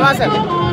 Avancel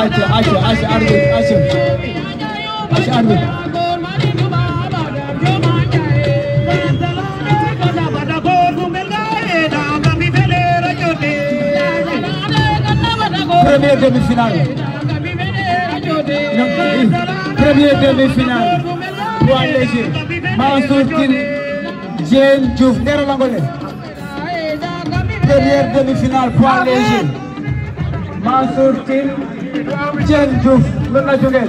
ayca ayca ayca arbitre ayca ayca arbitre premier demi-finale premier demi-finale poids léger Mansour Tine Diène Diouf Dero Langolé demi-finale poids léger Diène Diouf lan la jógee.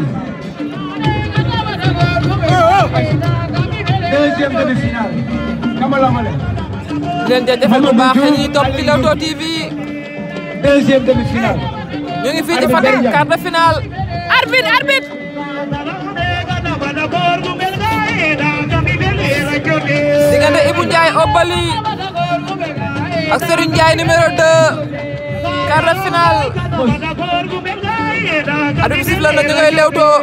deuxième demi-finale. Kamala Male. di leen jaajëfal bu baax dañuy topp ci Leewtoo TV. deuxième demi-finale. ñu ngi fii ci Fatick quart de finale. arbitre arbitre. diggante Ibou Ndiaye Obali ak Serigne Ndiaye numéro 2 quart de finale. arbitre bi sifflé na ñu ngay Leewtoo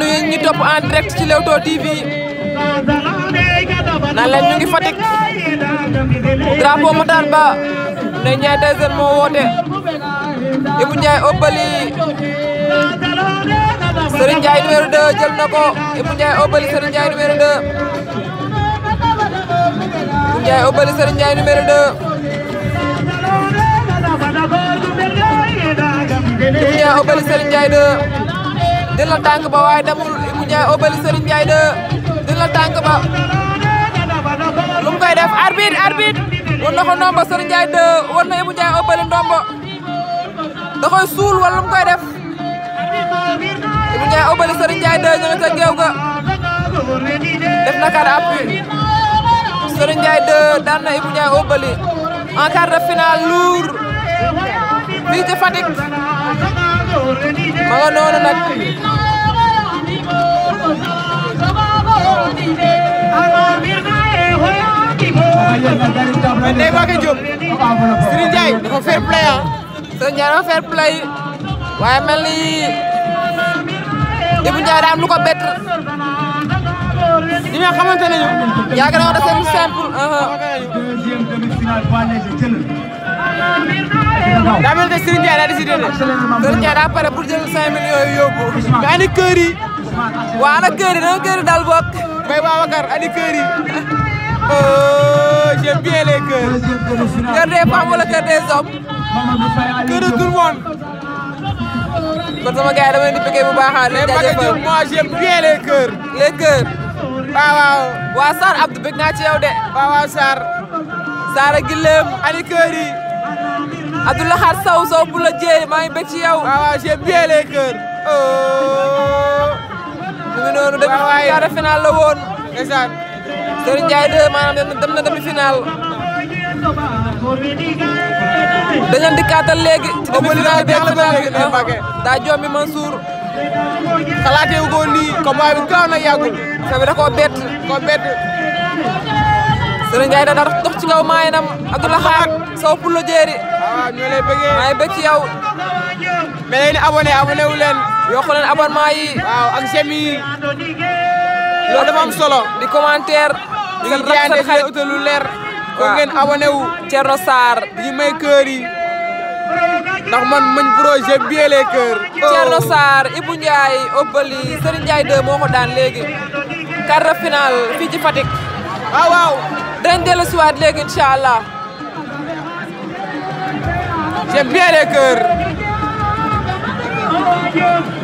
leen ñi topp en ci Leewtoo TV naan leen ñu ngi Fatick drapeau Ba ne Ndiaye Tyson moo woote Ibou Ndiaye Obali Serigne Ndiaye numéro 2 jël na ko Ibou Obali Serigne Ndiaye numéro 2 Ibou Ndiaye Obali Serigne Ndiaye numéro 2 Ndiaye Obali Serigne Ndiaye 2 jël ba waaye demul Ibou Ndiaye Obali Serigne Ndiaye 2 jël ba lu koy def arbitre arbitre war na ko ndombo Serigne Ndiaye 2 war na Ibou Ndiaye suul wala lu koy def Ibou Ndiaye Obali Serigne Ndiaye 2 ga def na kàr appui Serigne Ndiaye daan na Ibou Ndiaye Obali en quart de finale lourd ma nga noonu nag mais Ndeye Mbacké Diop Serigne Ndiaye dafa fair play ah Serigne Ndiaye dafa fair play waaye mel ni Ibou Ndiaye daa am lu ko bett ñi nga xamante ne ñu yàgg na woon da seen simple daa mel ne Serigne Ndiaye daa décidé de Serigne Ndiaye daa pare pour jël 5 millions yi yóbbu mais ani kër waa ana kër yi dama kër yi daal bokk ani kër yi oh j'aime bien kër des femmes wala kër des hommes kër de tout le monde kon sama gars yi dama leen di bëggee bu baax a leen jaajëfal moi j'aime waa Sarr Abdou bëgg naa de waaw waaw Sarr Sarr ani kër Abdoulaye Sow Sow bu la jéey maa ngi bëgg ci yow. waaw waaw j'ai bien les oh. noonu demi quart la woon. ndeysaan. Serigne Ndiaye 2 maanaam dem na demi finale. dañ leen di kàttal léegi. ci demi finale bi ak ah, daa jombi Mansour. xalaatee wu ko nii combat bi gaaw na yàggul. sa da koo bett. koo bett. Serigne Ndiaye da daa dox ci kaw maay nam Abdoulaye Sow pour la jéeri. waaw ñoo lay bëggee. maa ngi bëgg ci yow. mais léegi nag abonné abonné solo. di commentaire. di nga jaayante xale utalu leer. waaw kon ngeen abonné wu. Thierno Sarr. di may kër yi. man mañ projet bien les cœurs. Oh. Thierno Sarr Ibou Ndiaye Obali Serigne Ndiaye 2 ko daan léegi. quart de finale fii ci Fatick. Ah, waaw waaw. dinañ léegi incha allah. J'ai bien les cœurs.